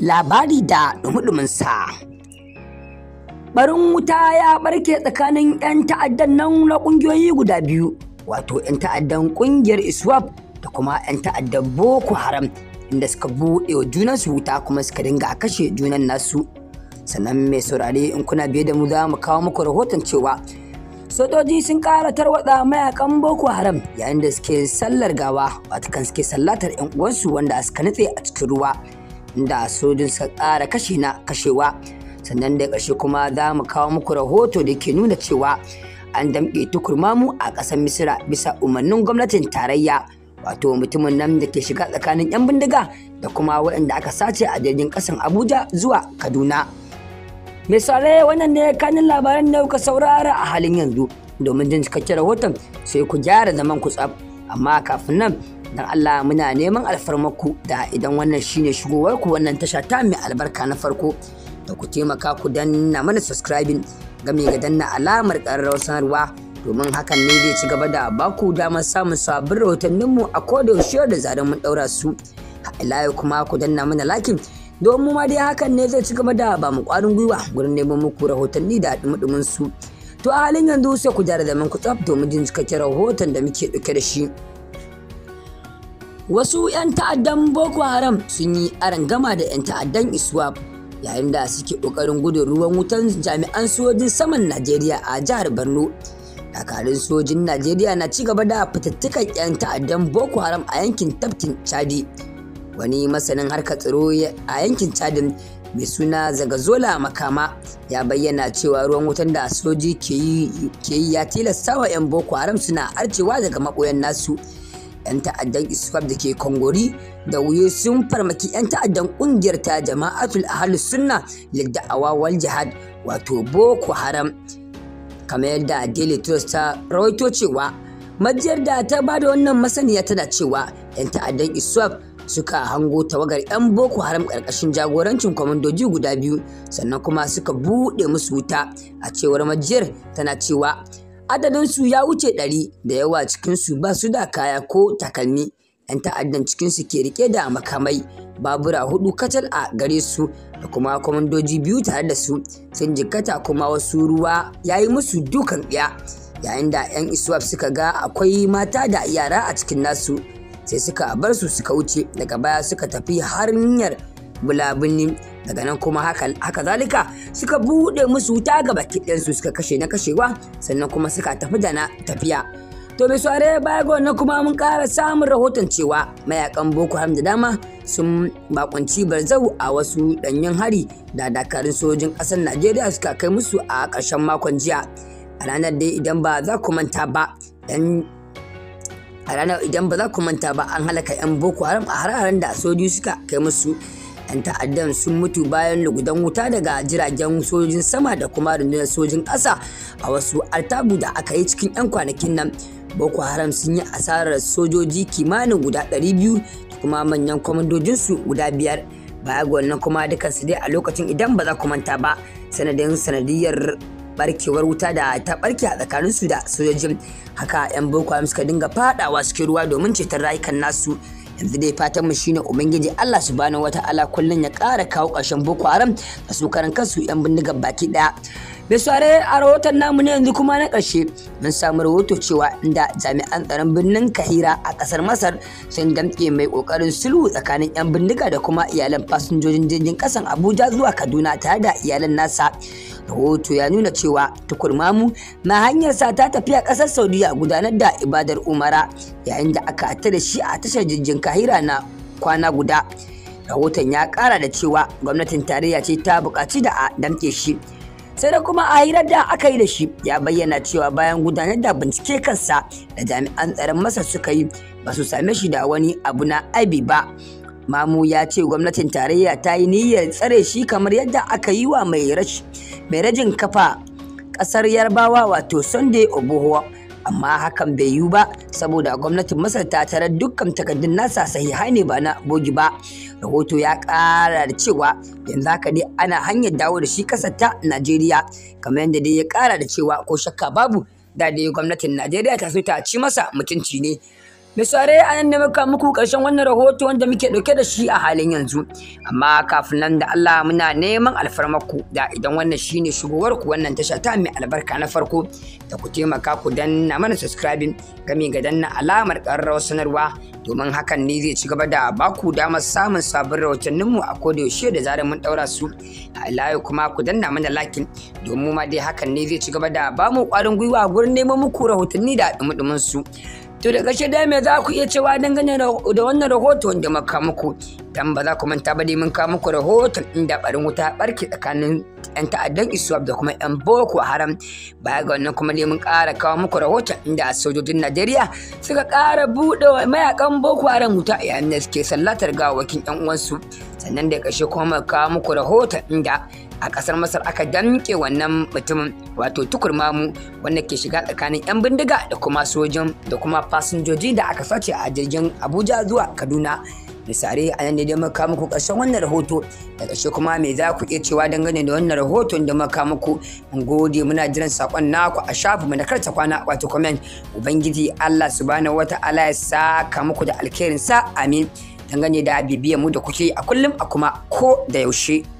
labari da dumuduminsa. Barin wuta ya barke tsakanin 'yan ta'addan nan na ƙungiyoyi guda biyu, wato 'yan ta'addan ƙungiyar ISWAP da kuma 'yan ta'addan Boko Haram inda suka buɗe wa junansu wuta kuma suka dinga kashe junan nasu. Sannan mai saurare in kuna biye da mu za mu kawo muku rahoton cewa sojoji sun ƙara tarwatsa mayakan boko haram yayin da suke sallar gawa kan suke sallatar 'yan uwansu wanda suka nutse a cikin ruwa inda sojin suka ƙara kashe na kashewa sannan da ƙarshe kuma za mu kawo muku rahoto da ke nuna cewa an damƙe tukurmamu a ƙasar misira bisa umarnin gwamnatin tarayya wato mutumin nan da ke shiga tsakanin 'yan bindiga da kuma waɗanda aka sace a jirgin ƙasan abuja zuwa kaduna misalai wannan ne kanin labaran da kuka saurara a halin yanzu domin jin cikakken rahoton sai ku gyara zaman ku tsaf amma kafin nan don Allah muna neman alfarmaku da idan wannan shine shigowar ku wannan tasha ta mai albarka na farko da ku taimaka ku danna mana subscribing game ga danna alamar ƙararrawar sanarwa domin hakan ne zai ci gaba da baku damar samun sabbin mu a kodayaushe da zarar mun ɗaura su ila kuma ku danna mana lakin don mu ma dai hakan ne zai ci gaba da ba mu ƙwarin gwiwa gurin neman muku rahotanni da dumudumin su to a halin yanzu sai ku jara zaman ku tsaf domin jin cikakken rahoton da muke ɗauke da shi. wasu 'yan ta'addan boko haram sun yi arangama da 'yan ta'addan iswap yayin da suke ƙoƙarin gudun ruwan wutan jami'an sojin saman najeriya a jihar borno dakarun sojin najeriya na ci gaba da fitattukan 'yan ta'addan boko haram a yankin tafkin chadi wani masanin harkar tsaro a yankin chadin mai suna zagazola makama ya bayyana cewa ruwan wutan da soji ke yi ya tilasta wa 'yan boko haram suna arcewa daga makoyan nasu 'yan ta'addan iswap da ke kongori da wuyo sun farmaki 'yan ta'addan kungiyar ta Jama'a jama'atul ahlus sunna lidda'awa wal jihad wato boko haram kamar yadda daily trust ta rawaito cewa majiyar da ta ba da wannan masaniya tana cewa 'yan ta'addan iswap suka hango tawagar 'yan boko haram ƙarƙashin jagorancin kwamandoji guda biyu sannan kuma suka buɗe musu wuta a cewar majiyar tana cewa adadin su ya wuce ɗari da yawa cikinsu ba su da kaya ko takalmi 'yan ta'addan cikinsu ke rike da makamai babura hudu kacal a gare su da kuma kwamandoji biyu tare da su sun jikkata kuma wasu ruwa ya yi musu dukan ɗaya yayin da 'yan iswap suka ga akwai mata da yara a cikin nasu sai suka bar su suka wuce daga baya suka tafi har niyyar daga nan kuma haka zalika suka buɗe musu wuta ga baki su suka kashe na kashewa sannan kuma suka tafi da na tafiya to mai sware baya ga wannan kuma mun kara samun rahoton cewa mayakan boko haram da dama sun bakunci barzau a wasu danyen hari da dakarun sojin kasar najeriya suka kai musu a ƙarshen makon jiya a ranar dai idan ba za ku manta ba a ranar idan ba za ku manta ba an halaka 'yan boko haram a hararen da sojoji suka kai musu 'yan ta'addan sun mutu bayan lugudan wuta daga jiragen sojojin sama da kuma rundunar sojin ƙasa a wasu artabu da aka yi cikin 'yan kwanakin nan boko haram sun yi asarar sojoji kimanin guda 200 da kuma manyan kwamandojinsu guda biyar baya ga wannan kuma su dai a lokacin idan ba za ku manta ba sanadin sanadiyar barkewar wuta da ta barke a tsakaninsu da sojojin haka 'yan boko haram suka dinga fadawa cikin ruwa domin ceton rayukan nasu yanzu dai fatan mu shine ubangiji Allah subhanahu wata'ala kullun ya ƙara kawo ƙarshen Boko Haram da su karan kansu yan bindigar baki daya bai sware a rahoton namu ne yanzu kuma na ƙarshe mun samu rahoto cewa inda jami'an tsaron birnin Kahira a ƙasar Masar sun damke mai ƙoƙarin sulhu tsakanin 'yan bindiga da kuma iyalan fasinjojin jirgin ƙasan Abuja zuwa Kaduna tare da iyalan nasa rahoto ya nuna cewa tukurmamu na hanyarsa ta tafi a ƙasar saudiya gudanar da ibadar umara yayin da aka atta da shi a tashar jirgin kahira na kwana guda rahoton ya ƙara da cewa gwamnatin tarayya ce ta buƙaci da a damke shi sai da kuma a hirar da aka yi da shi ya bayyana cewa bayan gudanar da bincike kansa da jami'an tsaron masa suka yi ba su same shi da wani abu na aibi ba mamu ya ce gwamnatin tarayya ta yi niyyar tsare shi kamar yadda aka yi wa mai rajin kafa ƙasar yarbawa wato sunday obuhuwa amma hakan bai yiwu ba saboda gwamnatin masar ta tarar dukkan takardun nasa sahihai ne ba na bogi ba rahoto ya kara da cewa yanzu haka ne ana hanyar dawo da shi kasar ta najeriya kamar yadda dai ya kara da cewa ko shakka babu da dai gwamnatin najeriya ta so ta ci masa mutunci ne misare saurare a nan ne muka muku ƙarshen wannan rahoto wanda muke ɗauke da shi a halin yanzu. Amma kafin nan da Allah muna neman alfarmarku da idan wannan shine shigowar ku wannan tasha ta mai albarka na farko da ku taimaka ku danna mana subscribing gami ga danna alamar ƙararrawar sanarwa domin hakan ne zai ci gaba da baku damar samun sabbin rahotanninmu a kodayaushe da zarar mun ɗaura su. A kuma ku danna mana lakin domin ma dai hakan ne zai cigaba gaba da mu ƙwarin gwiwa gurin neman muku rahotanni da ɗumi su. To da ƙarshe dai me za ku iya cewa dangane da wannan rahoton da muka muku? Dan ba za ku manta ba dai mun kawo muku rahoton inda barin wuta barke tsakanin 'yan ta'addan iswap da kuma 'yan boko haram baya ga wannan kuma neman ƙara kawo muku rahoton inda sojojin najeriya suka ƙara buɗe mayakan boko haram wuta yayin da suke sallatar gawakin 'yan uwansu sannan da ƙarshe kuma kawo muku rahoton inda a kasar masar aka damke wannan mutumin wato tukurmamu wanda ke shiga tsakanin 'yan bindiga da kuma sojin da kuma fasinjoji da aka sace a jirgin abuja zuwa kaduna misali a nan ne da muka muku ƙarshen wannan rahoto da ƙarshe kuma me za ku iya cewa dangane da wannan rahoton da muka muku mun gode muna jiran sakon naku a shafin mu na karta kwana wato comment ubangiji Allah subhanahu wata'ala ya saka muku da alkhairin sa amin dangane da bibiyar mu da kuke a kullum a kuma ko da yaushe